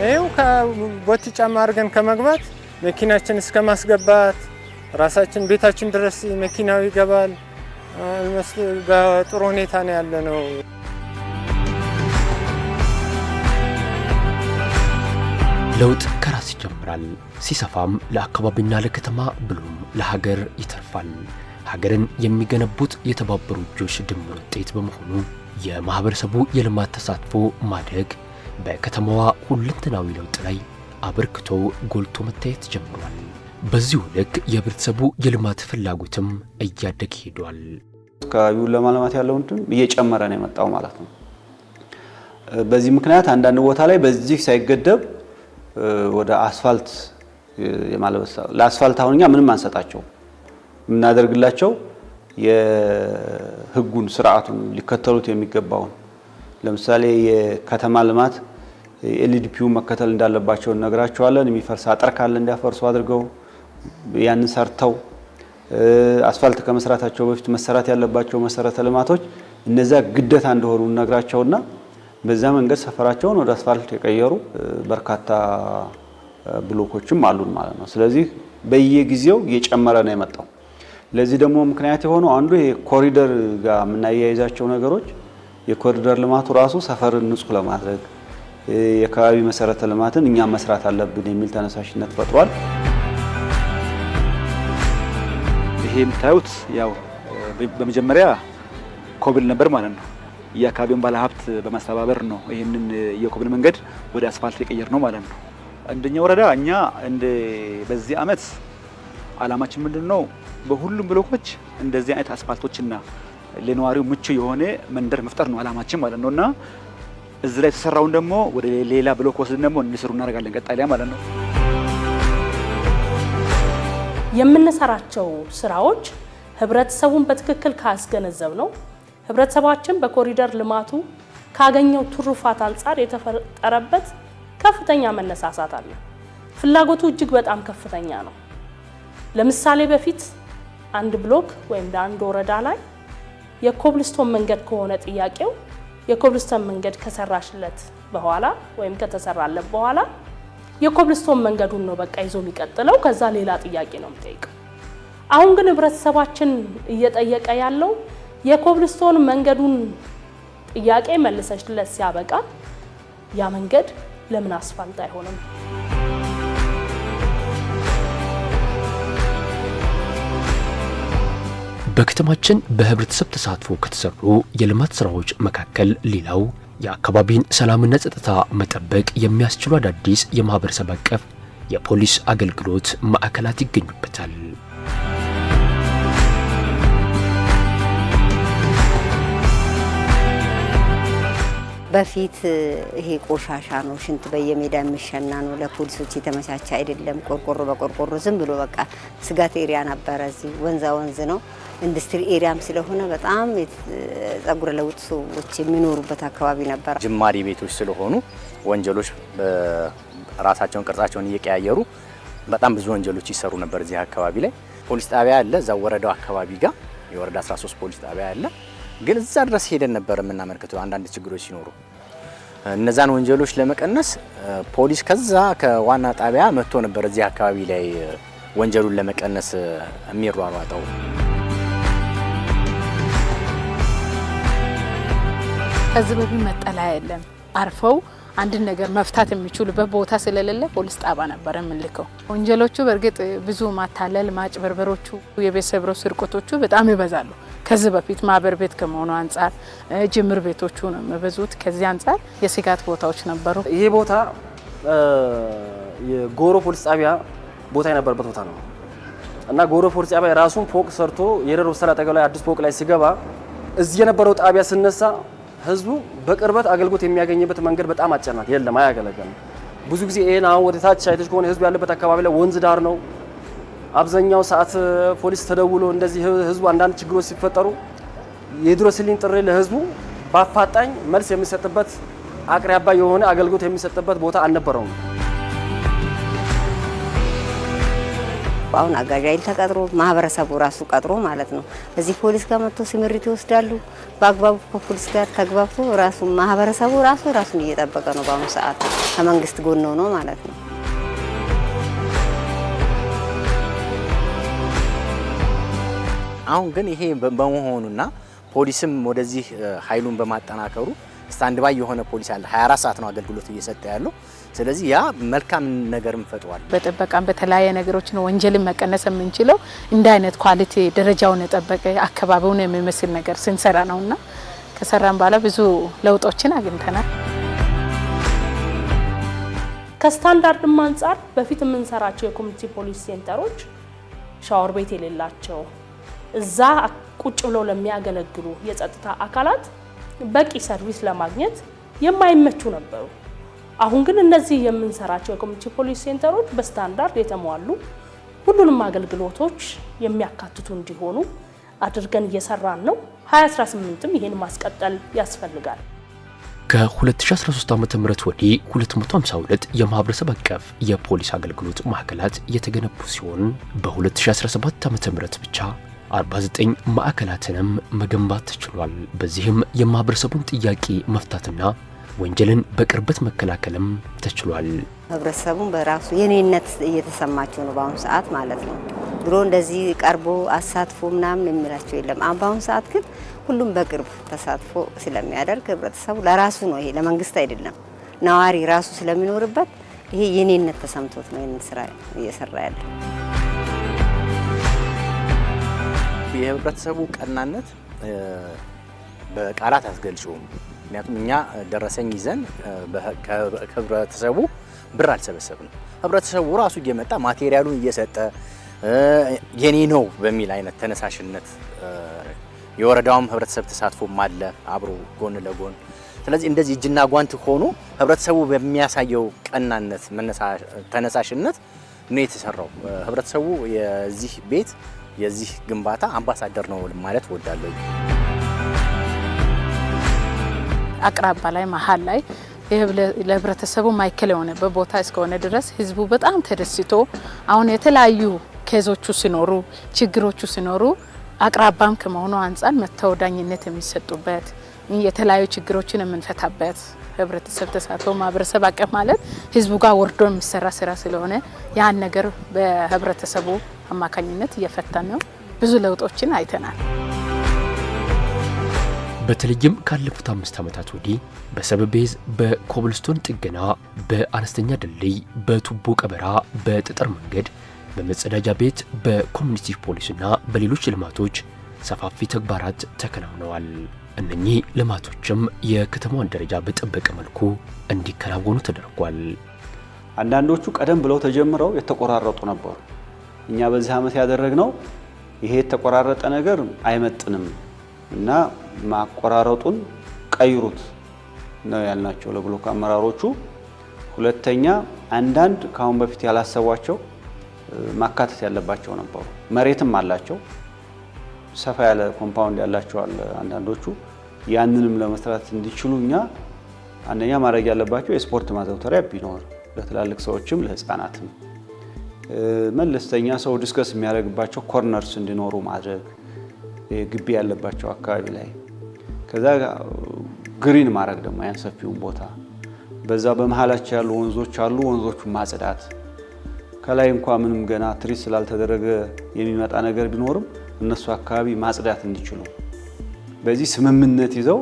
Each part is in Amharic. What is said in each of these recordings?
ይኸው ከቦቲ ጫማ አድርገን ከመግባት መኪናችን እስከ ማስገባት ራሳችን ቤታችን ድረስ መኪናው ይገባል። በጥሩ ሁኔታ ነው ያለ ነው። ለውጥ ከራስ ይጀምራል። ሲሰፋም ለአካባቢና ለከተማ ብሎም ለሀገር ይተርፋል። ሀገርን የሚገነቡት የተባበሩ እጆች ድምር ውጤት በመሆኑ የማህበረሰቡ የልማት ተሳትፎ ማደግ በከተማዋ ሁለንተናዊ ለውጥ ላይ አበርክቶ ጎልቶ መታየት ጀምሯል። በዚሁ ልክ የህብረተሰቡ የልማት ፍላጎትም እያደግ ሄዷል። አካባቢውን ለማልማት ያለው እንትን እየጨመረ ነው የመጣው ማለት ነው። በዚህ ምክንያት አንዳንድ ቦታ ላይ በዚህ ሳይገደብ ወደ አስፋልት የማለበሳ ለአስፋልት አሁን እኛ ምንም አንሰጣቸው የምናደርግላቸው የህጉን ስርዓቱን ሊከተሉት የሚገባውን ለምሳሌ የከተማ ልማት ኤልዲፒው መከተል እንዳለባቸው እነግራቸዋለን። የሚፈርስ አጥር ካለ እንዲያፈርሱ አድርገው ያንን ሰርተው አስፋልት ከመስራታቸው በፊት መሰራት ያለባቸው መሰረተ ልማቶች እነዛ ግደታ እንደሆኑ እነግራቸውና በዛ መንገድ ሰፈራቸውን ወደ አስፋልት የቀየሩ በርካታ ብሎኮችም አሉን ማለት ነው። ስለዚህ በየጊዜው እየጨመረ ነው የመጣው። ለዚህ ደግሞ ምክንያት የሆነው አንዱ የኮሪደር ጋር የምናያይዛቸው ነገሮች የኮሪደር ልማቱ ራሱ ሰፈርን ንጹህ ለማድረግ የአካባቢ መሰረተ ልማትን እኛ መስራት አለብን የሚል ተነሳሽነት ፈጥሯል። ይሄ የምታዩት ያው በመጀመሪያ ኮብል ነበር ማለት ነው። የአካባቢውን ባለሀብት በማስተባበር ነው ይህንን የኮብል መንገድ ወደ አስፋልት የቀየር ነው ማለት ነው። እንደኛ ወረዳ እኛ በዚህ አመት አላማችን ምንድን ነው? በሁሉም ብሎኮች እንደዚህ አይነት አስፋልቶችና ለነዋሪው ምቹ የሆነ መንደር መፍጠር ነው አላማችን ማለት ነው እና እዚ ላይ የተሰራውን ደግሞ ወደ ሌላ ብሎክ ወስድን ደግሞ እንዲስሩ እናደርጋለን፣ ቀጣይ ላይ ማለት ነው። የምንሰራቸው ስራዎች ህብረተሰቡን በትክክል ካስገነዘብ ነው ህብረተሰባችን በኮሪደር ልማቱ ካገኘው ትሩፋት አንጻር የተፈጠረበት ከፍተኛ መነሳሳት አለ። ፍላጎቱ እጅግ በጣም ከፍተኛ ነው። ለምሳሌ በፊት አንድ ብሎክ ወይም ለአንድ ወረዳ ላይ የኮብልስቶን መንገድ ከሆነ ጥያቄው የኮብልስቶን መንገድ ከሰራሽለት በኋላ ወይም ከተሰራለት በኋላ የኮብልስቶን መንገዱን ነው በቃ ይዞ የሚቀጥለው። ከዛ ሌላ ጥያቄ ነው የምጠይቀው። አሁን ግን ህብረተሰባችን እየጠየቀ ያለው የኮብልስቶን መንገዱን ጥያቄ መልሰሽለት ሲያበቃ ያ መንገድ ለምን አስፋልት አይሆንም? በከተማችን በህብረተሰብ ተሳትፎ ከተሰሩ የልማት ስራዎች መካከል ሌላው የአካባቢን ሰላምና ጸጥታ መጠበቅ የሚያስችሉ አዳዲስ የማህበረሰብ አቀፍ የፖሊስ አገልግሎት ማዕከላት ይገኙበታል። በፊት ይሄ ቆሻሻ ነው፣ ሽንት በየሜዳ የሚሸና ነው፣ ለፖሊሶች የተመቻቸ አይደለም። ቆርቆሮ በቆርቆሮ ዝም ብሎ በቃ ስጋት ኤሪያ ነበረ። እዚህ ወንዛ ወንዝ ነው። ኢንዱስትሪ ኤሪያም ስለሆነ በጣም ጸጉረ ለውጥ ሰዎች የሚኖሩበት አካባቢ ነበር። ጅማሪ ቤቶች ስለሆኑ ወንጀሎች ራሳቸውን ቅርጻቸውን እየቀያየሩ በጣም ብዙ ወንጀሎች ይሰሩ ነበር። እዚህ አካባቢ ላይ ፖሊስ ጣቢያ አለ፣ እዛ ወረዳው አካባቢ ጋር የወረዳ 13 ፖሊስ ጣቢያ አለ። ግን እዛ ድረስ ሄደን ነበር የምናመልክተው አንዳንድ ችግሮች ሲኖሩ እነዛን ወንጀሎች ለመቀነስ ፖሊስ ከዛ ከዋና ጣቢያ መጥቶ ነበር እዚህ አካባቢ ላይ ወንጀሉን ለመቀነስ የሚሯሯጠው። ከዚህ በፊት መጠለያ የለም። አርፈው አንድን ነገር መፍታት የሚችሉበት ቦታ ስለሌለ ፖሊስ ጣባ ነበር የምንልከው። ወንጀሎቹ በእርግጥ ብዙ ማታለል፣ ማጭበርበሮቹ፣ የቤተሰብ ስርቆቶቹ በጣም ይበዛሉ። ከዚህ በፊት ማህበር ቤት ከመሆኑ አንጻር ጅምር ቤቶቹ ነው የሚበዙት። ከዚህ አንጻር የስጋት ቦታዎች ነበሩ። ይህ ቦታ የጎሮ ፖሊስ ጣቢያ ቦታ የነበረበት ቦታ ነው እና ጎሮ ፖሊስ ጣቢያ ራሱን ፎቅ ሰርቶ የደሮ ሰላ ላይ አዲስ ፎቅ ላይ ሲገባ እዚህ የነበረው ጣቢያ ስነሳ ህዝቡ በቅርበት አገልግሎት የሚያገኝበት መንገድ በጣም አጨናት የለም፣ አያገለገልም። ብዙ ጊዜ ይሄን አሁን ወደ ታች አይተች ከሆነ ህዝቡ ያለበት አካባቢ ላይ ወንዝ ዳር ነው። አብዛኛው ሰዓት ፖሊስ ተደውሎ እንደዚህ ህዝቡ አንዳንድ ችግሮች ሲፈጠሩ የድረስልኝ ጥሪ ለህዝቡ በአፋጣኝ መልስ የሚሰጥበት አቅራቢያ የሆነ አገልግሎት የሚሰጥበት ቦታ አልነበረውም። አሁን አጋዣይል ተቀጥሮ ማህበረሰቡ ራሱ ቀጥሮ ማለት ነው እዚህ ፖሊስ ጋር መጥቶ ስምሪት ይወስዳሉ። በአግባቡ ከፖሊስ ጋር ተግባብቶ ራሱ ማህበረሰቡ ራሱ ራሱን እየጠበቀ ነው በአሁኑ ሰዓት ከመንግስት ጎን ነው ማለት ነው። አሁን ግን ይሄ በመሆኑና ፖሊስም ወደዚህ ኃይሉን በማጠናከሩ ስታንድ ባይ የሆነ ፖሊስ አለ። 24 ሰዓት ነው አገልግሎት እየሰጠ ያለው። ስለዚህ ያ መልካም ነገር ፈጥሯል በጥበቃም በተለያየ ነገሮች ነው ወንጀልን መቀነስ የምንችለው እንደ አይነት ኳሊቲ ደረጃውን የጠበቀ አካባቢውን የሚመስል ነገር ስንሰራ ነውና ከሰራን በኋላ ብዙ ለውጦችን አግኝተናል። ከስታንዳርድም አንጻር በፊት የምንሰራቸው የኮሚኒቲ ፖሊስ ሴንተሮች ሻወር ቤት የሌላቸው እዛ ቁጭ ብለው ለሚያገለግሉ የጸጥታ አካላት በቂ ሰርቪስ ለማግኘት የማይመቹ ነበሩ። አሁን ግን እነዚህ የምንሰራቸው የኮሚኒቲ ፖሊስ ሴንተሮች በስታንዳርድ የተሟሉ ሁሉንም አገልግሎቶች የሚያካትቱ እንዲሆኑ አድርገን እየሰራን ነው። 2018ም ይህን ማስቀጠል ያስፈልጋል። ከ2013 ም ወዲህ 252 የማህበረሰብ አቀፍ የፖሊስ አገልግሎት ማዕከላት የተገነቡ ሲሆን በ2017 ዓ.ም ብቻ 49 ማዕከላትንም መገንባት ተችሏል። በዚህም የማህበረሰቡን ጥያቄ መፍታትና ወንጀልን በቅርበት መከላከልም ተችሏል። ህብረተሰቡን በራሱ የኔነት እየተሰማቸው ነው በአሁኑ ሰዓት ማለት ነው። ድሮ እንደዚህ ቀርቦ አሳትፎ ምናምን የሚላቸው የለም። በአሁኑ ሰዓት ግን ሁሉም በቅርብ ተሳትፎ ስለሚያደርግ ህብረተሰቡ ለራሱ ነው፣ ይሄ ለመንግስት አይደለም። ነዋሪ ራሱ ስለሚኖርበት ይሄ የኔነት ተሰምቶት ነው ይህንን ስራ እየሰራ ያለ። የህብረተሰቡ ቀናነት በቃላት አስገልጾም። ምክንያቱም እኛ ደረሰኝ ይዘን ከህብረተሰቡ ብር አልሰበሰብንም። ህብረተሰቡ ራሱ እየመጣ ማቴሪያሉን እየሰጠ የኔ ነው በሚል አይነት ተነሳሽነት የወረዳውም ህብረተሰብ ተሳትፎም አለ አብሮ ጎን ለጎን ስለዚህ እንደዚህ እጅና ጓንት ሆኖ ህብረተሰቡ በሚያሳየው ቀናነት ተነሳሽነት ነው የተሰራው። ህብረተሰቡ የዚህ ቤት የዚህ ግንባታ አምባሳደር ነው ማለት እወዳለሁ። አቅራባ ላይ መሀል ላይ ለህብረተሰቡ ማይክል የሆነበት ቦታ እስከሆነ ድረስ ህዝቡ በጣም ተደስቶ አሁን የተለያዩ ኬዞቹ ሲኖሩ ችግሮቹ ሲኖሩ አቅራባም ከመሆኑ አንጻር መጥተው ዳኝነት የሚሰጡበት የተለያዩ ችግሮችን የምንፈታበት ህብረተሰብ ተሳትፎ ማህበረሰብ አቀፍ ማለት ህዝቡ ጋር ወርዶ የሚሰራ ስራ ስለሆነ ያን ነገር በህብረተሰቡ አማካኝነት እየፈታን ነው። ብዙ ለውጦችን አይተናል። በተለይም ካለፉት አምስት ዓመታት ወዲህ በሰብቤዝ፣ በኮብልስቶን ጥገና፣ በአነስተኛ ድልድይ፣ በቱቦ ቀበራ፣ በጠጠር መንገድ፣ በመጸዳጃ ቤት፣ በኮሚኒቲ ፖሊስና በሌሎች ልማቶች ሰፋፊ ተግባራት ተከናውነዋል። እነኚህ ልማቶችም የከተማዋን ደረጃ በጠበቀ መልኩ እንዲከናወኑ ተደርጓል። አንዳንዶቹ ቀደም ብለው ተጀምረው የተቆራረጡ ነበሩ። እኛ በዚህ ዓመት ያደረግነው ይሄ የተቆራረጠ ነገር አይመጥንም እና ማቆራረጡን ቀይሩት ነው ያልናቸው ለብሎክ አመራሮቹ። ሁለተኛ አንዳንድ ከአሁን በፊት ያላሰቧቸው ማካተት ያለባቸው ነበሩ። መሬትም አላቸው፣ ሰፋ ያለ ኮምፓውንድ ያላቸዋል አንዳንዶቹ። ያንንም ለመስራት እንዲችሉ እኛ አንደኛ ማድረግ ያለባቸው የስፖርት ማዘውተሪያ ቢኖር ለትላልቅ ሰዎችም ለህፃናትም፣ መለስተኛ ሰው ዲስከስ የሚያደርግባቸው ኮርነርስ እንዲኖሩ ማድረግ ግቢ ያለባቸው አካባቢ ላይ ከዛ ግሪን ማድረግ ደግሞ ያን ሰፊውን ቦታ በዛ በመሀላቸው ያሉ ወንዞች አሉ። ወንዞቹ ማጽዳት ከላይ እንኳ ምንም ገና ትሪት ስላልተደረገ የሚመጣ ነገር ቢኖርም እነሱ አካባቢ ማጽዳት እንዲችሉ በዚህ ስምምነት ይዘው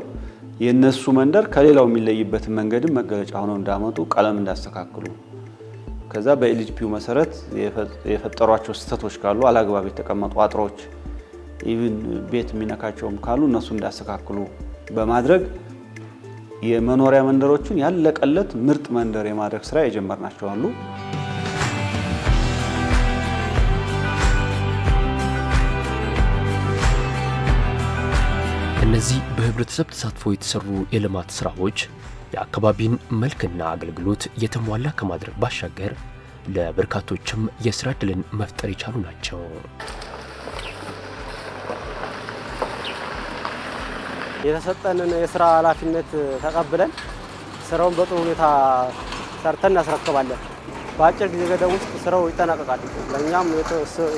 የእነሱ መንደር ከሌላው የሚለይበትን መንገድም መገለጫ ሆነው እንዳመጡ ቀለም እንዳስተካክሉ ከዛ በኤልጂፒው መሰረት የፈጠሯቸው ስህተቶች ካሉ አላግባብ የተቀመጡ አጥሮች ኢቭን ቤት የሚነካቸውም ካሉ እነሱ እንዳስተካክሉ በማድረግ የመኖሪያ መንደሮችን ያለቀለት ምርጥ መንደር የማድረግ ስራ የጀመርናቸው አሉ። እነዚህ በህብረተሰብ ተሳትፎ የተሰሩ የልማት ስራዎች የአካባቢን መልክና አገልግሎት የተሟላ ከማድረግ ባሻገር ለበርካቶችም የስራ እድልን መፍጠር የቻሉ ናቸው። የተሰጠንን የስራ ኃላፊነት ተቀብለን ስራውን በጥሩ ሁኔታ ሰርተን እናስረክባለን። በአጭር ጊዜ ገደብ ውስጥ ስራው ይጠናቀቃል። ለእኛም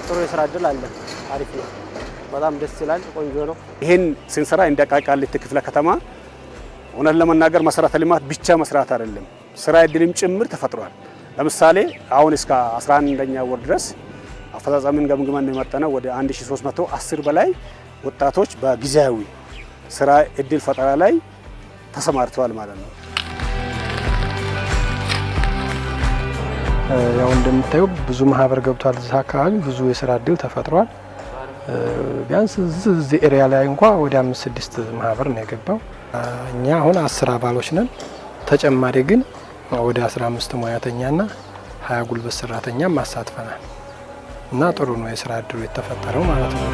ጥሩ የስራ እድል አለ። አሪፍ ነው። በጣም ደስ ይላል። ቆንጆ ነው። ይህን ስንሰራ እንደ ቃሊቲ ክፍለ ከተማ እውነት ለመናገር መሰረተ ልማት ብቻ መስራት አይደለም፣ ስራ እድልም ጭምር ተፈጥሯል። ለምሳሌ አሁን እስከ 11ኛ ወር ድረስ አፈጻጸምን ገምግመን የመጠነው ወደ 1310 በላይ ወጣቶች በጊዜያዊ ስራ እድል ፈጠራ ላይ ተሰማርተዋል ማለት ነው። ያው እንደምታዩ ብዙ ማህበር ገብቷል። እዚህ አካባቢ ብዙ የስራ እድል ተፈጥሯል። ቢያንስ እዚህ ኤሪያ ላይ እንኳ ወደ አምስት ስድስት ማህበር ነው የገባው። እኛ አሁን አስር አባሎች ነን። ተጨማሪ ግን ወደ አስራ አምስት ሙያተኛና ሀያ ጉልበት ሰራተኛ ማሳትፈናል እና ጥሩ ነው የስራ እድሉ የተፈጠረው ማለት ነው።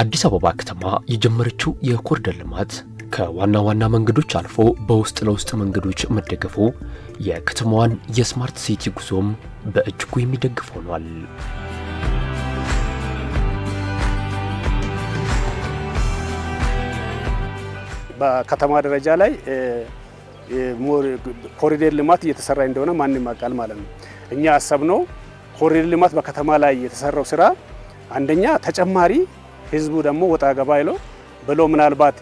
አዲስ አበባ ከተማ የጀመረችው የኮሪደር ልማት ከዋና ዋና መንገዶች አልፎ በውስጥ ለውስጥ መንገዶች መደገፉ የከተማዋን የስማርት ሲቲ ጉዞም በእጅጉ የሚደግፍ ሆኗል። በከተማ ደረጃ ላይ ኮሪደር ልማት እየተሰራ እንደሆነ ማንም ያውቃል ማለት ነው። እኛ ነው ኮሪደር ልማት በከተማ ላይ የተሰራው ስራ አንደኛ ተጨማሪ ህዝቡ ደግሞ ወጣ ገባ ይለው ብሎ ምናልባት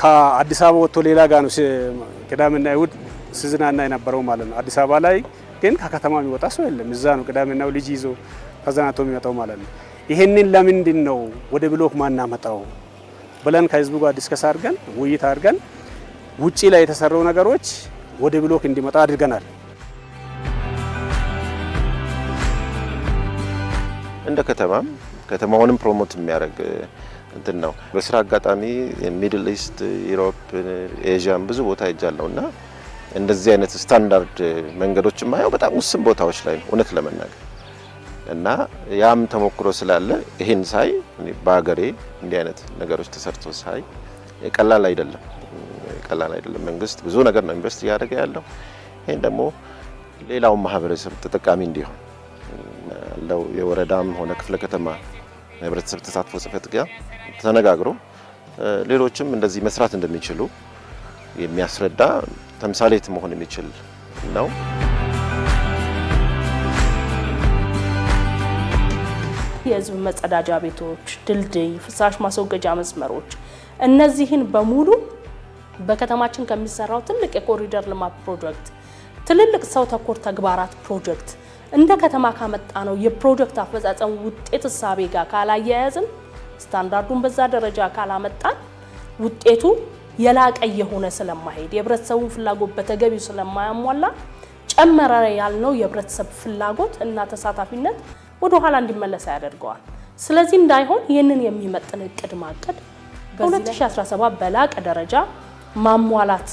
ከአዲስ አበባ ወጥቶ ሌላ ጋ ነው ቅዳሜና እሁድ ስዝናና የነበረው ማለት ነው። አዲስ አበባ ላይ ግን ከከተማ የሚወጣ ሰው የለም። እዛ ነው ቅዳሜና ልጅ ይዞ ተዘናቶ የሚወጣው ማለት ነው። ይህንን ለምንድን ነው ወደ ብሎክ ማናመጣው ብለን ከህዝቡ ጋር ዲስከስ አድርገን ውይይት አድርገን ውጪ ላይ የተሰራው ነገሮች ወደ ብሎክ እንዲመጣ አድርገናል። እንደ ከተማም ከተማውንም ፕሮሞት የሚያደርግ እንትን ነው። በስራ አጋጣሚ ሚድል ኢስት፣ ዩሮፕ፣ ኤዥያን ብዙ ቦታ ይጃለው እና እንደዚህ አይነት ስታንዳርድ መንገዶች የማየው በጣም ውስን ቦታዎች ላይ ነው እውነት ለመናገር እና ያም ተሞክሮ ስላለ ይህን ሳይ በሀገሬ እንዲህ አይነት ነገሮች ተሰርቶ ሳይ ቀላል አይደለም፣ ቀላል አይደለም። መንግስት ብዙ ነገር ነው ኢንቨስት እያደረገ ያለው። ይህን ደግሞ ሌላውን ማህበረሰብ ተጠቃሚ እንዲሆን ያለው የወረዳም ሆነ ክፍለ ከተማ ህብረተሰብ ተሳትፎ ጽህፈት ጋር ተነጋግሮ ሌሎችም እንደዚህ መስራት እንደሚችሉ የሚያስረዳ ተምሳሌት መሆን የሚችል ነው። የህዝብ መጸዳጃ ቤቶች፣ ድልድይ፣ ፍሳሽ ማስወገጃ መስመሮች እነዚህን በሙሉ በከተማችን ከሚሰራው ትልቅ የኮሪደር ልማት ፕሮጀክት ትልልቅ ሰው ተኮር ተግባራት ፕሮጀክት እንደ ከተማ ካመጣ ነው የፕሮጀክት አፈጻጸም ውጤት እሳቤ ጋር ካላያያዝን ስታንዳርዱን በዛ ደረጃ ካላመጣን ውጤቱ የላቀ የሆነ ስለማይሄድ የህብረተሰቡን ፍላጎት በተገቢው ስለማያሟላ ጨመረ ያልነው የህብረተሰብ ፍላጎት እና ተሳታፊነት ወደ ኋላ እንዲመለስ ያደርገዋል። ስለዚህ እንዳይሆን ይህንን የሚመጥን እቅድ ማቀድ በ2017 በላቀ ደረጃ ማሟላት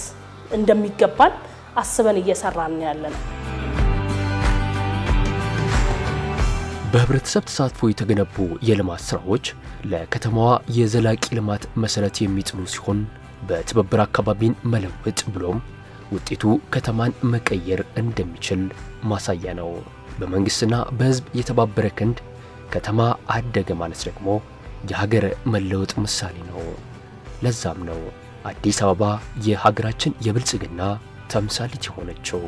እንደሚገባን አስበን እየሰራን ያለ ነው። በህብረተሰብ ተሳትፎ የተገነቡ የልማት ስራዎች ለከተማዋ የዘላቂ ልማት መሰረት የሚጥሉ ሲሆን በትብብር አካባቢን መለወጥ ብሎም ውጤቱ ከተማን መቀየር እንደሚችል ማሳያ ነው። በመንግስትና በህዝብ የተባበረ ክንድ ከተማ አደገ ማለት ደግሞ የሀገር መለወጥ ምሳሌ ነው። ለዛም ነው አዲስ አበባ የሀገራችን የብልጽግና ተምሳሌት የሆነችው።